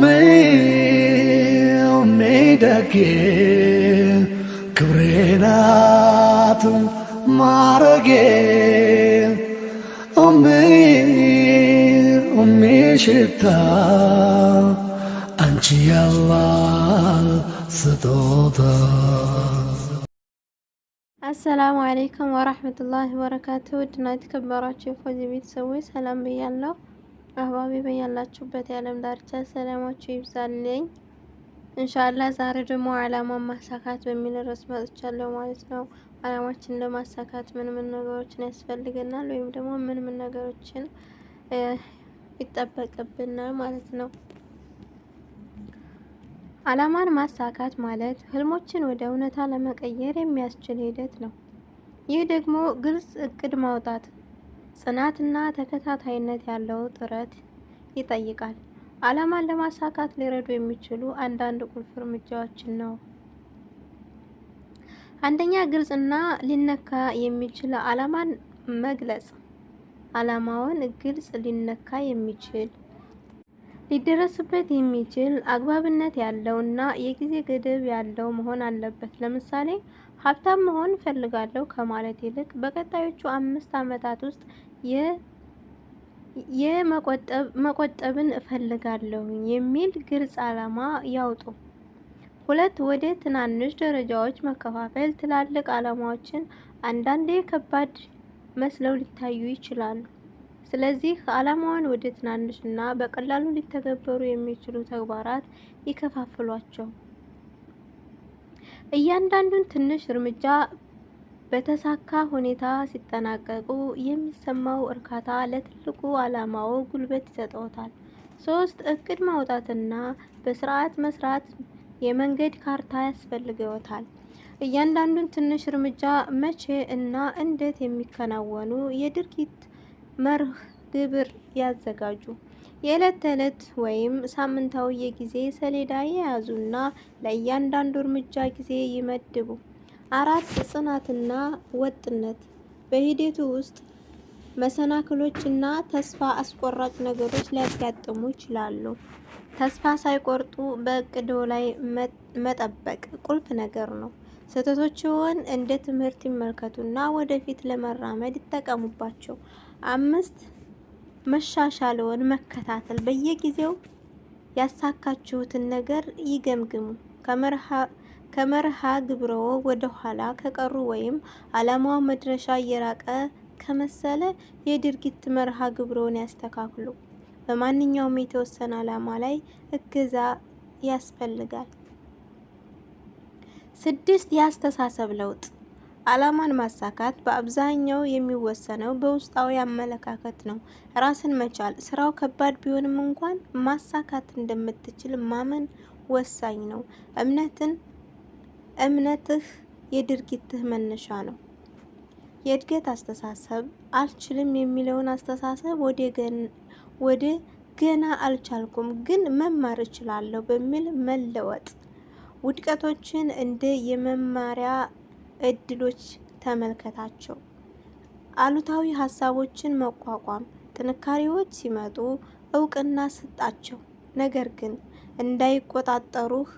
ሜሜደጌ ክብሬናት ማረጌ ሽታ አንቺ ያላህ ስጦታ። አሰላሙ አለይኩም ወራህመቱላሂ ወበረካቱሁ። ውድና የተከበራችሁ የፎዚ ቤተሰቦች ሰላም ብያለሁ። አህባቢ በያላችሁበት የዓለም ዳርቻ ሰላማችሁ ይብዛልኝ። እንሻላ ዛሬ ደግሞ አላማን ማሳካት በሚል ርዕስ መጥቻለሁ ማለት ነው። አላማችን ለማሳካት ምን ምን ነገሮችን ያስፈልገናል ወይም ደግሞ ምን ምን ነገሮችን ይጠበቅብናል ማለት ነው። አላማን ማሳካት ማለት ህልሞችን ወደ እውነታ ለመቀየር የሚያስችል ሂደት ነው። ይህ ደግሞ ግልጽ እቅድ ማውጣት ጽናትና ተከታታይነት ያለው ጥረት ይጠይቃል። ዓላማን ለማሳካት ሊረዱ የሚችሉ አንዳንድ ቁልፍ እርምጃዎችን ነው። አንደኛ፣ ግልጽና ሊነካ የሚችል ዓላማን መግለጽ። ዓላማውን ግልጽ፣ ሊነካ የሚችል ሊደረስበት የሚችል አግባብነት ያለው እና የጊዜ ገደብ ያለው መሆን አለበት። ለምሳሌ ሀብታም መሆን እፈልጋለሁ ከማለት ይልቅ በቀጣዮቹ አምስት ዓመታት ውስጥ የመቆጠብን እፈልጋለሁ የሚል ግልጽ ዓላማ ያውጡ። ሁለት ወደ ትናንሽ ደረጃዎች መከፋፈል ትላልቅ ዓላማዎችን አንዳንዴ ከባድ መስለው ሊታዩ ይችላሉ። ስለዚህ ዓላማውን ወደ እና በቀላሉ ሊተገበሩ የሚችሉ ተግባራት ይከፋፍሏቸው። እያንዳንዱን ትንሽ እርምጃ በተሳካ ሁኔታ ሲጠናቀቁ የሚሰማው እርካታ ለትልቁ ዓላማው ጉልበት ይሰጠውታል። ሶስት እቅድ ማውጣትና በስርዓት መስራት የመንገድ ካርታ ያስፈልገውታል። እያንዳንዱን ትንሽ እርምጃ መቼ እና እንዴት የሚከናወኑ የድርጊት መርህ ግብር ያዘጋጁ። የዕለት ተዕለት ወይም ሳምንታዊ የጊዜ ሰሌዳ የያዙና ለእያንዳንዱ እርምጃ ጊዜ ይመድቡ። አራት ጽናትና ወጥነት በሂደቱ ውስጥ መሰናክሎችና ተስፋ አስቆራጭ ነገሮች ሊያጋጥሙ ይችላሉ። ተስፋ ሳይቆርጡ በእቅዶ ላይ መጠበቅ ቁልፍ ነገር ነው። ስህተቶችዎን እንደ ትምህርት ይመልከቱና ወደፊት ለመራመድ ይጠቀሙባቸው። አምስት መሻሻለውን መከታተል፣ በየጊዜው ያሳካችሁትን ነገር ይገምግሙ። ከመርሃ ግብሮ ወደ ኋላ ከቀሩ ወይም ዓላማው መድረሻ እየራቀ ከመሰለ የድርጊት መርሃ ግብሮን ያስተካክሉ። በማንኛውም የተወሰነ ዓላማ ላይ እገዛ ያስፈልጋል። ስድስት የአስተሳሰብ ለውጥ ዓላማን ማሳካት በአብዛኛው የሚወሰነው በውስጣዊ አመለካከት ነው። ራስን መቻል ስራው ከባድ ቢሆንም እንኳን ማሳካት እንደምትችል ማመን ወሳኝ ነው። እምነትን እምነትህ የድርጊትህ መነሻ ነው። የእድገት አስተሳሰብ አልችልም የሚለውን አስተሳሰብ ወደ ገና አልቻልኩም ግን መማር እችላለሁ በሚል መለወጥ ውድቀቶችን እንደ የመማሪያ እድሎች ተመልከታቸው። አሉታዊ ሀሳቦችን መቋቋም ጥንካሬዎች ሲመጡ እውቅና ስጣቸው። ነገር ግን እንዳይቆጣጠሩህ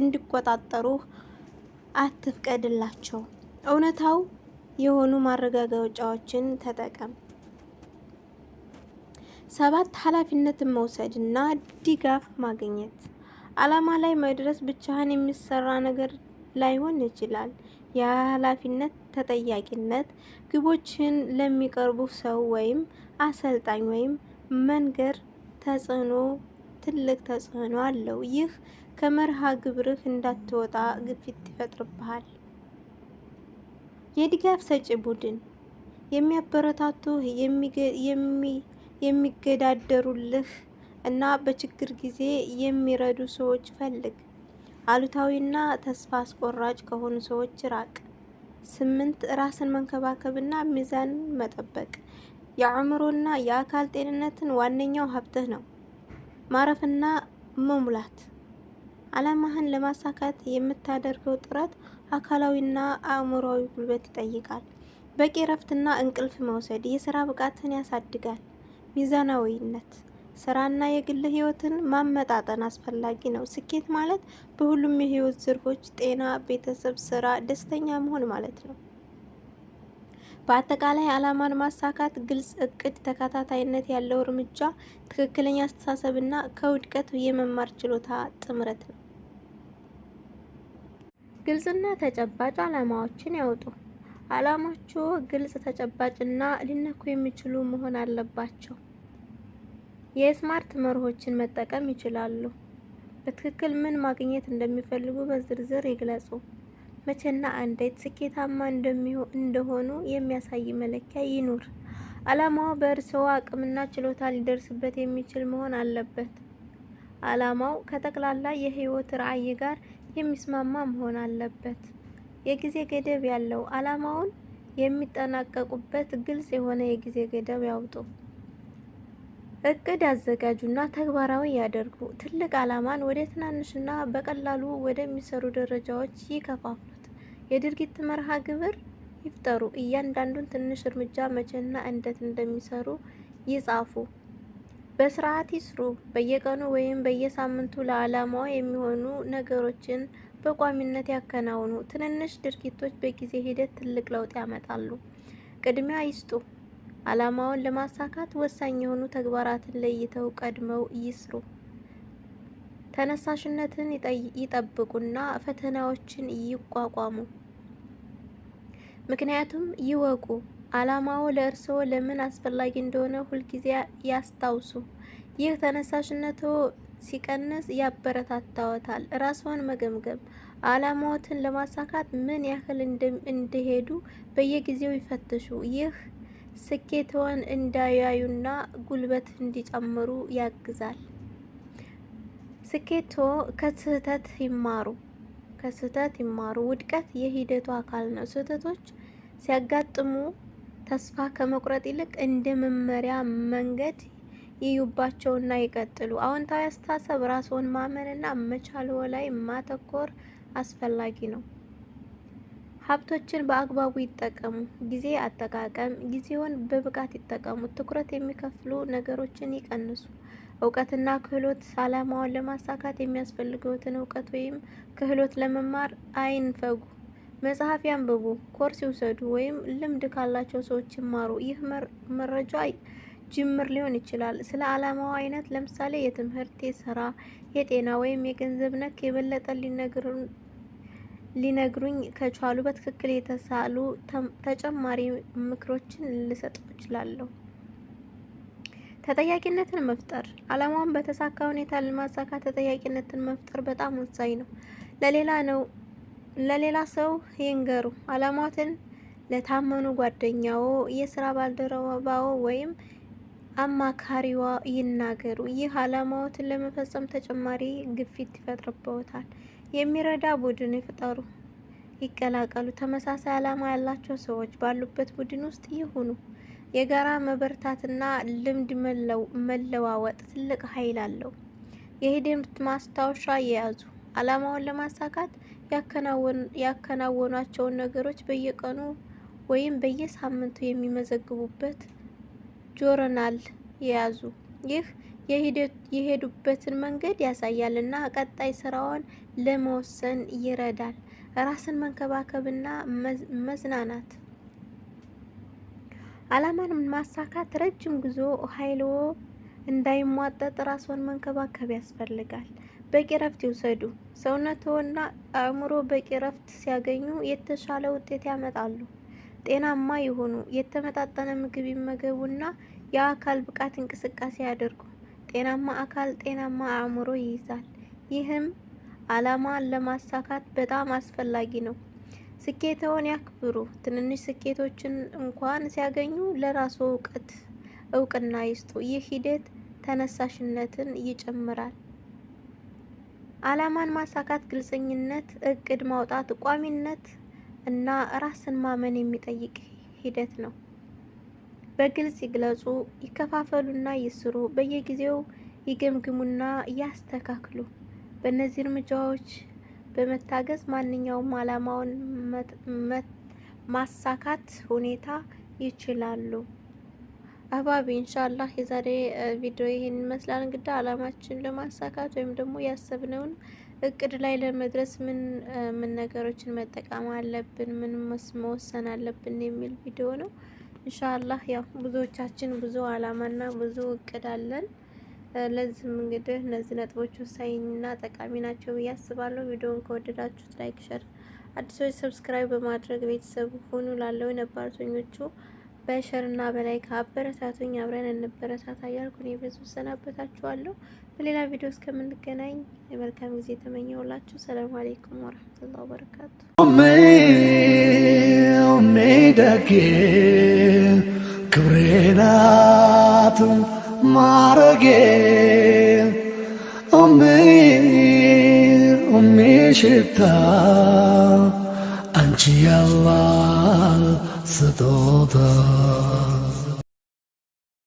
እንዲቆጣጠሩህ አትፍቀድላቸው። እውነታው የሆኑ ማረጋገጫዎችን ተጠቀም። ሰባት ኃላፊነትን መውሰድ እና ድጋፍ ማግኘት። አላማ ላይ መድረስ ብቻህን የሚሰራ ነገር ላይሆን ይችላል። የኃላፊነት ተጠያቂነት ግቦችን ለሚቀርቡ ሰው ወይም አሰልጣኝ ወይም መንገር ተጽዕኖ ትልቅ ተጽዕኖ አለው። ይህ ከመርሃ ግብርህ እንዳትወጣ ግፊት ይፈጥርብሃል። የድጋፍ ሰጪ ቡድን የሚያበረታቱህ የሚገዳደሩልህ እና በችግር ጊዜ የሚረዱ ሰዎች ፈልግ። አሉታዊና ተስፋ አስቆራጭ ከሆኑ ሰዎች ራቅ። ስምንት ራስን መንከባከብና ሚዛን መጠበቅ የአእምሮና የአካል ጤንነትን ዋነኛው ሀብትህ ነው። ማረፍና መሙላት አላማህን ለማሳካት የምታደርገው ጥረት አካላዊና አእምሮዊ ጉልበት ይጠይቃል። በቂ እረፍትና እንቅልፍ መውሰድ የስራ ብቃትን ያሳድጋል። ሚዛናዊነት ስራና የግል ህይወትን ማመጣጠን አስፈላጊ ነው። ስኬት ማለት በሁሉም የህይወት ዘርፎች ጤና፣ ቤተሰብ፣ ስራ፣ ደስተኛ መሆን ማለት ነው። በአጠቃላይ አላማን ማሳካት ግልጽ እቅድ፣ ተከታታይነት ያለው እርምጃ፣ ትክክለኛ አስተሳሰብ እና ከውድቀት የመማር ችሎታ ጥምረት ነው። ግልጽና ተጨባጭ አላማዎችን ያውጡ። አላማዎቹ ግልጽ፣ ተጨባጭና ሊነኩ የሚችሉ መሆን አለባቸው። የስማርት መርሆችን መጠቀም ይችላሉ። በትክክል ምን ማግኘት እንደሚፈልጉ በዝርዝር ይግለጹ። መቼና እንዴት ስኬታማ እንደሆኑ የሚያሳይ መለኪያ ይኑር። ዓላማው በእርስዎ አቅምና ችሎታ ሊደርስበት የሚችል መሆን አለበት። ዓላማው ከጠቅላላ የህይወት ራዕይ ጋር የሚስማማ መሆን አለበት። የጊዜ ገደብ ያለው ዓላማውን የሚጠናቀቁበት ግልጽ የሆነ የጊዜ ገደብ ያውጡ። እቅድ ያዘጋጁና ተግባራዊ ያደርጉ። ትልቅ ዓላማን ወደ ትናንሽና በቀላሉ ወደሚሰሩ ደረጃዎች ይከፋፍሉት። የድርጊት መርሃ ግብር ይፍጠሩ። እያንዳንዱን ትንሽ እርምጃ መቼና እንዴት እንደሚሰሩ ይጻፉ። በስርዓት ይስሩ። በየቀኑ ወይም በየሳምንቱ ለዓላማው የሚሆኑ ነገሮችን በቋሚነት ያከናውኑ። ትንንሽ ድርጊቶች በጊዜ ሂደት ትልቅ ለውጥ ያመጣሉ። ቅድሚያ ይስጡ። ዓላማውን ለማሳካት ወሳኝ የሆኑ ተግባራትን ለይተው ቀድመው ይስሩ። ተነሳሽነትን ይጠብቁና ፈተናዎችን ይቋቋሙ። ምክንያቱም ይወቁ፣ ዓላማው ለእርስዎ ለምን አስፈላጊ እንደሆነ ሁልጊዜ ያስታውሱ። ይህ ተነሳሽነቱ ሲቀንስ ያበረታታዎታል። ራስዎን መገምገም፣ ዓላማዎትን ለማሳካት ምን ያህል እንደሄዱ በየጊዜው ይፈትሹ። ይህ ስኬትዋን እንዳያዩና ጉልበት እንዲጨምሩ ያግዛል። ስኬቶ ከስህተት ይማሩ ከስህተት ይማሩ። ውድቀት የሂደቱ አካል ነው። ስህተቶች ሲያጋጥሙ ተስፋ ከመቁረጥ ይልቅ እንደ መመሪያ መንገድ ይዩባቸውና ይቀጥሉ። አዎንታዊ አስተሳሰብ፣ ራስዎን ማመንና መቻልዎ ላይ ማተኮር አስፈላጊ ነው። ሀብቶችን በአግባቡ ይጠቀሙ። ጊዜ አጠቃቀም፣ ጊዜውን በብቃት ይጠቀሙ። ትኩረት የሚከፍሉ ነገሮችን ይቀንሱ። እውቀትና ክህሎት፣ ዓላማውን ለማሳካት የሚያስፈልገውትን እውቀት ወይም ክህሎት ለመማር አይንፈጉ። መጽሐፍ ያንብቡ፣ ኮርስ ይውሰዱ፣ ወይም ልምድ ካላቸው ሰዎች ይማሩ። ይህ መረጃ ጅምር ሊሆን ይችላል። ስለ ዓላማው አይነት፣ ለምሳሌ የትምህርት፣ የስራ፣ የጤና ወይም የገንዘብ ነክ የበለጠ ሊነግሩን ሊነግሩኝ ከቻሉ በትክክል የተሳሉ ተጨማሪ ምክሮችን ልሰጥ እችላለሁ። ተጠያቂነትን መፍጠር አላማውን በተሳካ ሁኔታ ለማሳካት ተጠያቂነትን መፍጠር በጣም ወሳኝ ነው። ለሌላ ነው ለሌላ ሰው ይንገሩ። ዓላማትን ለታመኑ ጓደኛዎ፣ የስራ ባልደረባዎ ወይም አማካሪዋ ይናገሩ። ይህ አላማዎትን ለመፈጸም ተጨማሪ ግፊት ይፈጥርበታል። የሚረዳ ቡድን ይፍጠሩ፣ ይቀላቀሉ። ተመሳሳይ ዓላማ ያላቸው ሰዎች ባሉበት ቡድን ውስጥ ይሁኑ። የጋራ መበርታትና ልምድ መለዋወጥ ትልቅ ኃይል አለው። የሂደት ማስታወሻ የያዙ ዓላማውን ለማሳካት ያከናወኗቸውን ነገሮች በየቀኑ ወይም በየሳምንቱ የሚመዘግቡበት ጆርናል የያዙ ይህ የሄዱበትን መንገድ ያሳያል እና ቀጣይ ስራውን ለመወሰን ይረዳል። ራስን መንከባከብና መዝናናት አላማን ማሳካት ረጅም ጉዞ ኃይልዎ እንዳይሟጠጥ ራስዎን መንከባከብ ያስፈልጋል። በቂ ረፍት ይውሰዱ። ሰውነትዎና አእምሮ በቂ ረፍት ሲያገኙ የተሻለ ውጤት ያመጣሉ። ጤናማ የሆኑ የተመጣጠነ ምግብ ይመገቡና የአካል ብቃት እንቅስቃሴ ያደርጉ። ጤናማ አካል ጤናማ አእምሮ ይይዛል። ይህም ዓላማን ለማሳካት በጣም አስፈላጊ ነው። ስኬትዎን ያክብሩ። ትንንሽ ስኬቶችን እንኳን ሲያገኙ ለራስዎ እውቀት እውቅና ይስጡ። ይህ ሂደት ተነሳሽነትን ይጨምራል። ዓላማን ማሳካት ግልፀኝነት፣ እቅድ ማውጣት፣ ቋሚነት እና ራስን ማመን የሚጠይቅ ሂደት ነው። በግልጽ ይግለጹ፣ ይከፋፈሉና ይስሩ። በየጊዜው ይገምግሙና ያስተካክሉ። በእነዚህ እርምጃዎች በመታገዝ ማንኛውም ዓላማውን ማሳካት ሁኔታ ይችላሉ። አባቢ ኢንሻአላህ የዛሬ ቪዲዮ ይህን ይመስላል። እንግዲህ ዓላማችን ለማሳካት ወይም ደግሞ ያሰብነውን እቅድ ላይ ለመድረስ ምን ምን ነገሮችን መጠቀም አለብን፣ ምን መወሰን አለብን የሚል ቪዲዮ ነው። ኢንሻአላህ ያው ብዙዎቻችን ብዙ አላማና ብዙ እቅድ አለን። ለዚህም እንግዲህ እነዚህ ነጥቦች ወሳኝና ጠቃሚ ናቸው ብዬ አስባለሁ። ቪዲዮውን ከወደዳችሁት ላይክ፣ ሸር፣ አዲሶች ሰብስክራይብ በማድረግ ቤተሰብ ሆኑ። ላለው ነባርተኞቹ በሸርና በላይክ አበረታቱኝ። አብረን እንበረታታ እያልኩ እኔ በዙ ሰናበታችኋለሁ። በሌላ ቪዲዮ እስከምንገናኝ የመልካም ጊዜ ተመኘሁላችሁ። ሰላም አሌይኩም ወረህመቱላሂ ወበረካቱ። ደጌ ክብሬ ናት ማረጌ እሜ እሜ ሽታ አንቺ ያላ ስጦታ